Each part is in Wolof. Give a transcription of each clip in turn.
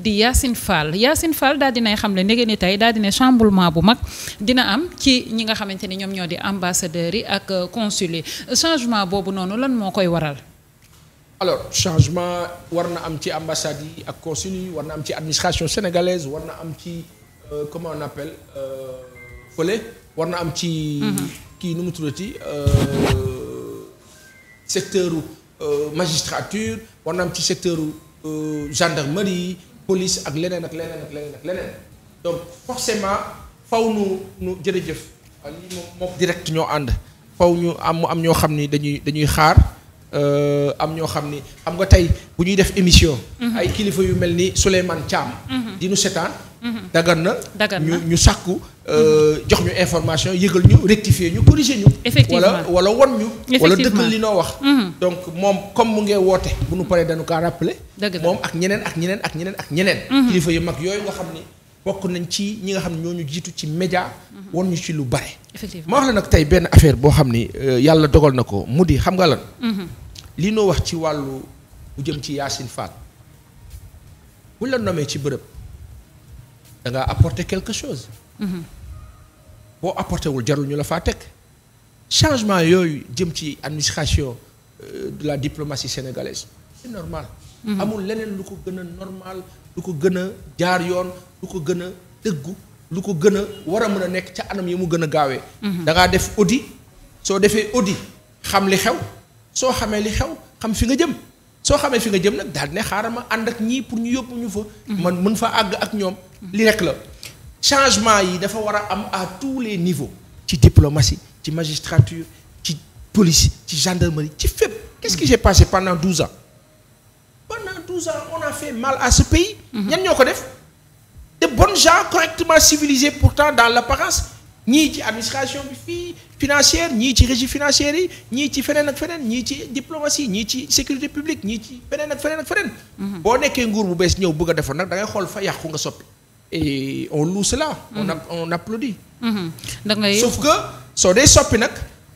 di Yacine Fall Yacine Fall daal dinay xam le ndege ni tey daal dina chamboulement bu mag dina am ci ñi nga xamante ni ñoom ñoo di ambassadeurs yi ak euh, consul changement boobu noonu lan moo koy waral alors changement war na am ci ambassade yi ak consul war na am ci administration sénégalaise war na am ci euh, comme on appelle euh, fële war na am ci mm-hmm. kii numu mu tuddati secteur magistrature war na am ci secteur gendarmerie police ak leneen ak leneen ak leneen ak leneen donc forcément faw nu nu jërëjëf lii moom moom direct ñoo ànd faw ñu am am ñoo xam ni dañuy dañuy xaar euh, am ñoo xam ni xam nga tey bu ñuy def émission mm-hmm. ay kilifa yu mel ni Souleymane Thiam mm-hmm. di nu Mhm. dagan na ñu ñu sàkku euh, mhm. jox ñu information yëgal ñu rectifier ñu corriger ñu wala wala won ñu wala dëkkal li noo wax mhm. donc moom comme mu ngee woote bu ñu paree dañu kaa rappeler moom ak ñeneen ak ñeneen ak ñeneen ak ñeneen kilifa yu mag yooyu nga xam ni bokk nañ ci ñi nga xam ne ñoo ñu jiitu ci média won ñu ci lu bare ma wax la nag tey benn affaire boo xam ni euh, yàlla dogal na ko mu di xam nga lan li noo wax ci wàllu bu jëm ci Yacine Fall buñ la nomee ci bërëb da ngaa apporter quelque chose. Mm-hmm. boo apporté wul jarul ñu la faa teg changement yooyu jëm ci administration euh, la diplomatie sénégalaise c'est normal. Mm-hmm. amul leneen lu ko gëna a normal lu ko gën a jaar yoon lu ko gën a dëggu lu ko gën a war a mën a nekk ca anam yi mu gën a gaawee. Mm-hmm. da ngaa def audit soo defee audit xam li xew soo xamee li xew xam fi nga jëm. soo xamee fi nga jëm nag daal ne xaaral ma ànd ak ñii pour ñu yóbbu ñu fa. man mën fa àgg ak ñoom. li rek la changement yi dafa war a am à tous les niveaux. ci diplomatie ci magistrature ci police ci gendarmerie ci fépp. qu'est-ce qui s'est passé pendant douze ans. pendant douze ans on a fait mal à ce pays. ñan ñoo ko def. de bonnes gens correctement civilisés pourtant dans l'apparence ñii ci administration bi fii. financière ñii ci régie financière yi ñii ci feneen ak feneen ñii ci diplomatie ñii ci sécurité publique ñii ci feneen ak feneen ak feneen. Mhm. boo nekkee nguur bu bees ñëw bëgg a defoon nag da xool fa yàqu nga soppi. et on lou cela. on mhm. a on applaudit. Mhm. da ngay sauf que soo dee soppi nag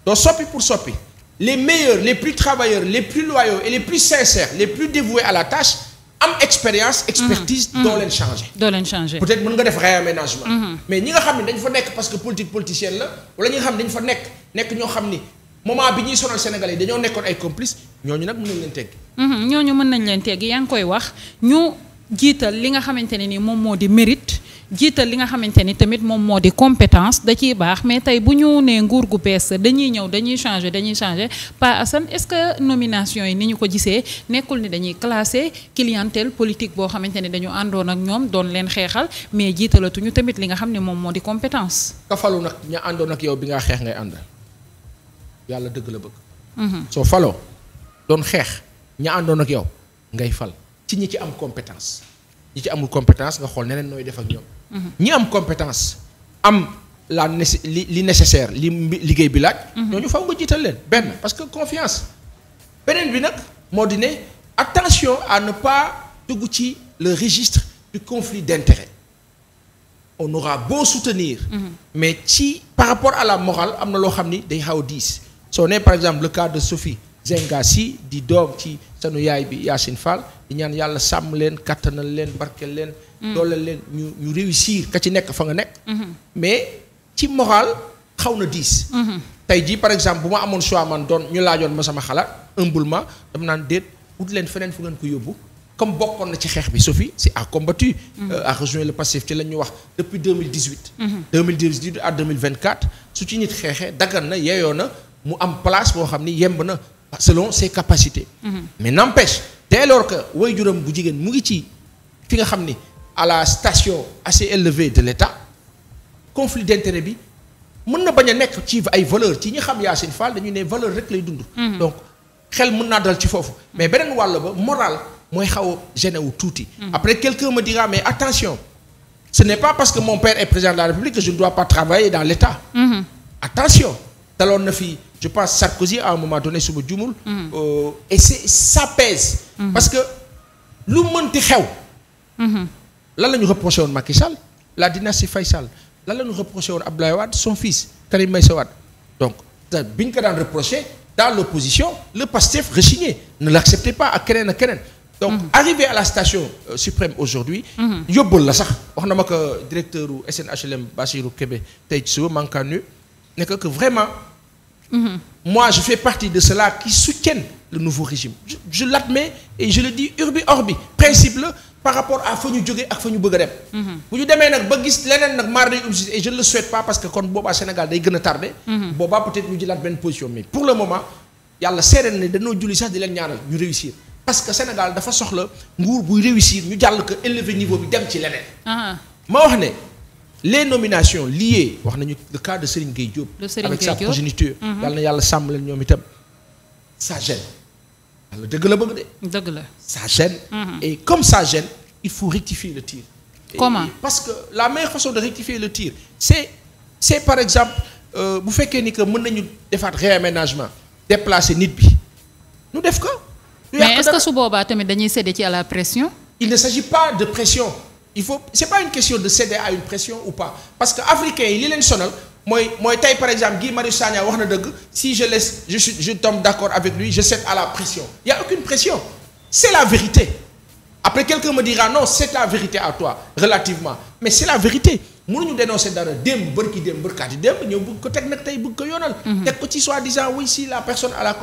doo soppi pour soppi. les meilleurs les plus travailleurs les plus loyaux et les plus sincères les plus dévoués à la tâche. am expérience. expertise mhm. doo leen changé. doo leen changé peut-être mën nga def réaménagement. Mhm. mais ñi nga xam ne dañ fa nekk parce que politique politicienne la wala ñi nga xam ne dañ fa nekk nekk ñoo xam ni moment bi ñuy sonal Sénégalais dañoo nekkoon ay complices ñooñu nag mën nañ leen tegg mhm. ñooñu mën nañ leen tegg yaa ngi koy wax ñu jiital li nga xamante ne ni moom moo di mérite. jiital li nga xamante ni tamit moom moo di compétence da ciy baax mais tey bu ñu nee nguur gu bees dañuy ñëw dañuy changer dañuy changer Pa Assane est-ce que nomination yi ni ñu ko gisee nekkul ni dañuy classer clientèle politique boo xamante ni dañu àndoon ak ñoom doon leen xeexal mais jiitalatuñu tamit li nga xam ne moom moo di compétence. ka falu nag ña àndoon ak yow bi nga xeex ngay ànd yàlla dëgg la bëgg. Mhm. soo faloo doon xeex ña àndoon ak yow ngay fal ci am compétence. ñi ci amul compétence nga xool neneen nooy def ak ñoom. Mhm. ñi am compétence am la li li nécessaire li liggéey bi laaj. Mhm. ñooñu faw nga jiital leen benn parce que confiance. beneen bi nag moo di ne attention à ne pas dugg ci le registre du conflit d'intérêt on aura beau soutenir. Mhm. mais ci par rapport à la morale am na loo xam ni day xaw diis soo nee par exemple le cas de Sophie. Zenga si di doom ci sanu yaay bi Yacine Fall di ñaan yàlla sàmm leen kattanal leen barkeel leen. Mm. dooleel leen ñu ñu réussir ka ci nekk fa nga nekk. Mm-hmm. mais ci moral xaw na diis. Mm-hmm. tey jii par exemple bu ma amoon choix man doon ñu laajoon ma sama xalaat humblement dama naan déet ut leen feneen fu ngeen ko yóbbu. comme bokkoon na ci xeex bi Sophie si a combattu. a mm-hmm. euh, rejoint le passif ci la ñu wax depuis deux mille dix huit. deux mille dix huit à deux mille vingt quatre su ci nit xeexee xam ni yemb na selon ses capacités. Mm-hmm. mais n'empêche dès lors que waajuram bu jigéen mu ngi ci fi nga xam ni à la station assez élevée de l'État conflit d'intérêt bi mën na bañ a nekk ci ay valeur ci ñi xam Yacine Fall dañuy ne valeur rek lay dund. Mm-hmm. donc xel mën naa dal ci foofu. mais beneen wàll ba moral mooy xaw a gêné wu tuuti. Mm-hmm. après quelqu'un me dira mais attention ce n'est pas parce que mon père est président de la République que je ne dois pas travailler dans l'État. attention je pense Sarkozy à un moment donné su ma jumul. Mm-hmm. Euh, et c'est ça pèse. Mm-hmm. parce que lu mënti xew. Mm-hmm. lan la ñu reproché woon la dynastie Faye lan la ñu reproché woon Abdoulaye Wade son fils Karim Meïssa Wade donc bi ñu ko daan reproché dans l'opposition le Pastef rechigné ne l'acceptait pas ak keneen ak keneen. donc arrivé à la station euh, suprême aujourd'hui yóbbul la sax wax na ma SNHLM Bassirou Kébé tey ci suba maa vraiment. Mhm. moi je fais partie de ceux-là qui soutiennent nouveau régime je, je je le dis urbi orbi principe la par rapport fa ñu jógee ak fa ñu bëgg a dem mhm. bu ñu demee nag ba gis leneen nag maar day ubsi pas parce que kon boobaa Sénégal day gën a tardé mhm. boobaa peut-être ñu jëlaat benn position mais pour le moment yàlla seereen ne dañoo julli sax di leen ñaanal ñu réussir parce Sénégal dafa soxla nguur buy réussir ñu jàll ko élever niveau bi dem ci leneen ma wax ne les nominations liées wax nañu le cas de Serigne Gueye Diop. de Serigne Gueye Diop avec sa progéniture. Mhm. yàlla na yàlla sàmm leen ñoom itam ça gêne. yàlla dëgg la bëgg de. dëgg la ça gêne. Mhm. et comme ça gêne il faut rectifier le tir. comment parce que la meilleure façon de rectifier le tir c'est c'est par exemple euh, bu fekkee ni que mën nañu defaat réaménagement déplacer nit bi nu def ko. mais est que su boobaa tamit dañuy céder ci à la pression. il ne s'agit pas de pression. il faut c'est pas une question de céder à une pression ou pas parce que africains yi li leen mooy mooy tey par exemple Guy Marius Sagna wax na dëgg si je laisse je suis d'accord avec lui je cède à la pression il y a aucune pression c'est la vérité après quelqu'un me dira non c'est la vérité à toi relativement mais c'est la vérité mënuñu dénoncer dara démb bërki démb bërkaati démb ñëw bëgg ko teg nag tey bëgg ko yoonal mhm. teg ko soi-disant oui si la personne a la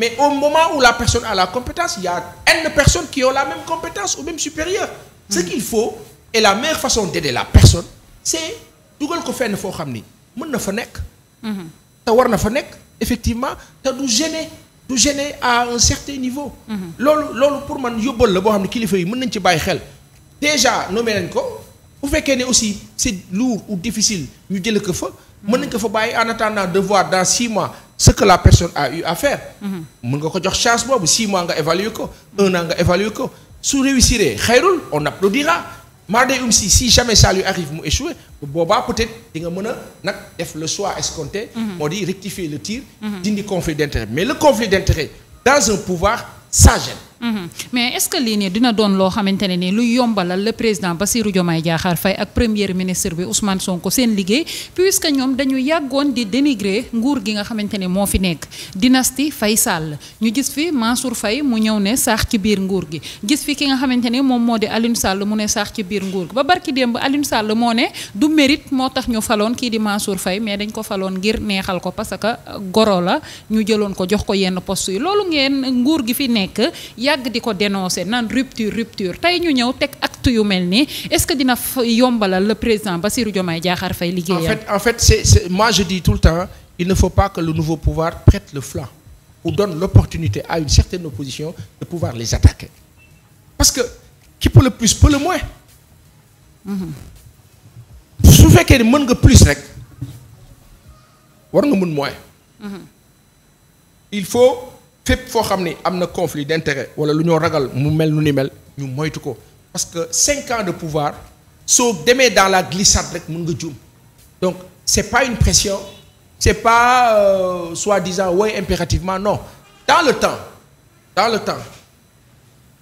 Mais au moment où la personne a la compétence, il y a N personnes qui ont la même compétence ou même supérieure. Mmh. Ce hmm. qu'il faut et la meilleure façon d'aider la personne, c'est dugal ko fenn foo xam ni mën na fa nekk. Hmm. te war na fa nekk effectivement te du gêner du gêner à un certain niveau. Hmm. loolu loolu pour man yóbbal la boo xam ne kilifa yi mën nañ ci bàyyi xel. déjà nommé nañ ko bu fekkee ne aussi c'est lourd ou difficile ñu jëlee ko fa. mën nañ ko fa bàyyi en attendant de voir dans six mois. ce que la personne a eu à faire. Mhm. mën nga ko jox chance boobu six mois nga évaluer ko un an nga évaluer ko su réussiree xayrul on applaudira maa day um si si jamais ça arrive mu échoué boobaa peut-être di a nag def le choix escompté. Mhm. moo rectifier le tir. Mhm. dindi conflit d'intérêt mais le conflit d'intérêt dans un pouvoir ça Mhm. mais est-ce que lii dina doon loo xamante ne nii lu yombalal le président Bassirou Diomaye Diakhar fay ak premier ministre bi Ousmane Sonko seen liggéey puisque ñoom dañu yàggoon di dénigrer nguur gi nga xamante ne moo fi nekk dynastie Faye Sall ñu gis fi Mansour Faye mu ñëw ne saax ci biir nguur gi gis fi ki nga xamante ne moom moo di Alioune Sall mu ne saax ci biir nguur gi ba barki démb Alioune Sall moo ne du mérite moo tax ñu faloon kii di Mansour fay mais dañ ko faloon ngir neexal ko parce que goro la ñu jëloon ko jox ko yenn post yi loolu ngeen nguur gi fi nekk yàgg di ko dénoncer naan rupture rupture tey ñu ñëw teg acte yu mel ni est-ce que dina yombalal le président Bassirou Diomaye Diakhar Faye liggéeyam. en fait en fait c'est, c'est moi je dis tout le temps il ne faut pas que le nouveau pouvoir prête le flanc ou donne l'opportunité à une certaine opposition de pouvoir les attaquer parce que qui peut le plus peut le moins. Mm-hmm. su fekkee ni mën nga plus rek war nga mën moins. Mm-hmm. il faut. fépp foo xam ni am na conflit d'intérêt wala lu ñoo ragal mu mel nu ni mel ñu moytu ko parce que cinq ans de pouvoir soo demee dans la glissade rek mën nga juum donc c'est pas une pression c'est pas euh, soi-disant way ouais, impérativement no dans le temps dans le temps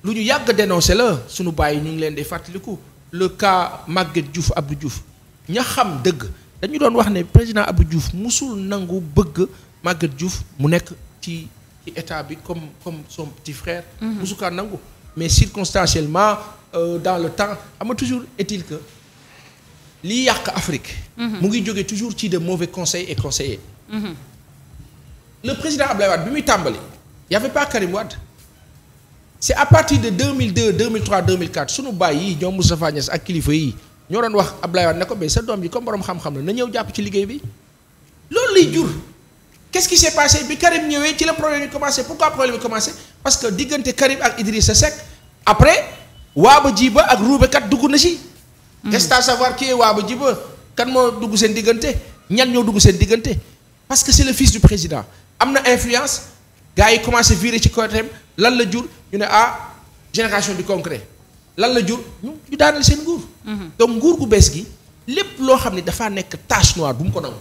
lu ñu yàgg dénoncé la suñu bàyyi ñu ngi leen di fàttaliku le cas Maguette Diouf Abdou Diouf ña xam dëgg dañu doon wax ne président Abdou Diouf mosul nangu bëgg Maguette Diouf mu nekk ci ci état bi comme comme son petit frère mhm. musu kaa nangu mais circonstanciellement euh, dans le temps ama toujours est que lii yàq Afrique mhm. mu ngi jóge toujours ci de mauvais conseils et conseillers mhm. le président Abdoulaye Wade bi muy tàmbali y avait pas c'est à partir de 2002 2003 2004 sunu baay yi ñoom Moustapha Niass ak kilifa yi ñoo doon wax Abdoulaye Wade ne ko mais sa doom ji comme borom xam-xam la na ñëw jàpp ci liggéey bi loolu lay jur qu'est-ce qui s'est passé bi Karim ñëwee ci la problème yi commencé pourquoi problème yi commencé parce que diggante Karim ak Idrissa Seck après ba jiba ak ruubekat dugg na si. Hmm. est à savoir qui waa ba jiba kan moo dugg seen diggante ñan ñoo dugg seen diggante parce que c'est le fils du président am na influence gars yi commencé virer ci côté lan la jur ñu ne ah génération du concret lan la jur ñu ñu seen nguur. Hmm. donc nguur gu bees gi lépp loo xam ne dafaa nekk tache noire bu ko nangu.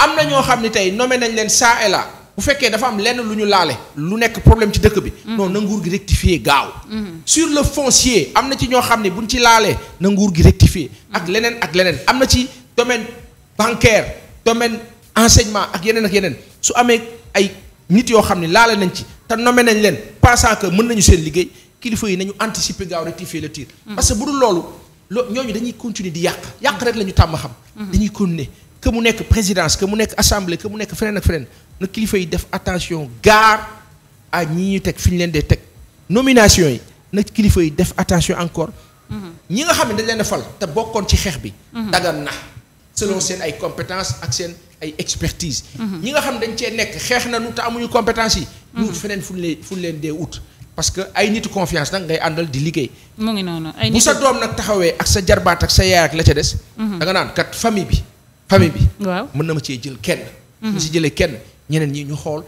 am na ñoo xam ne tey nommé nañ leen ça et là bu fekkee dafa am lenn lu ñu laale lu nekk problème ci dëkk bi. Mm-hmm. non na nguur gi rectifier gaaw. Mm-hmm. sur le foncier am na ci ñoo xam ne buñ ci laalee na nguur gi rectifier mm-hmm. ak leneen ak leneen am na ci domaine bancaire domaine enseignement ak yeneen ak yeneen su amee ay nit yoo xam ne laale nañ ci te nommé nañ leen pensant que mën nañu seen liggéey kilifa yi nañu anticiper gaaw rectifier le tir. parce que bu dul loolu loo ñooñu dañuy continuer di yàq yàq la ñu tàmm que mu nekk présidence que mu nekk assemblée que mu nekk feneen ak feneen na kilifa yi def attention gaar à ñi ñu teg fi ñu leen dee teg nomination yi nag kilifa yi def attention encore. Mm-hmm. ñi nga xam ne dañ leen a te bokkoon ci xeex bi. Mm-hmm. dagan na selon seen ay compétence ak seen ay expertise. Mm-hmm. ñi nga xam dañ cee nekk xeex na nu te amuñu compétence yi. ñu feneen fu ñu leen fu leen dee ut. parce que ay nitu confiance nag ngay àndal di liggéey. mu ngi noonu ay bu sa doom nag taxawee ak sa jarbaat ak sa yaay ak la ca des. da famille bi. mën na ma cee jël kenn. mu mhm. si jëlee kenn ñeneen ñi ñu xool.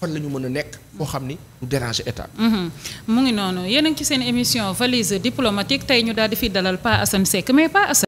fan la ñu mën a nekk boo xam ni du déranger état mhm. mu ngi noonu yéen a ci seen émission valise diplomatique tey ñu daal fi dalal Pa Assane Seck mais Pa Assane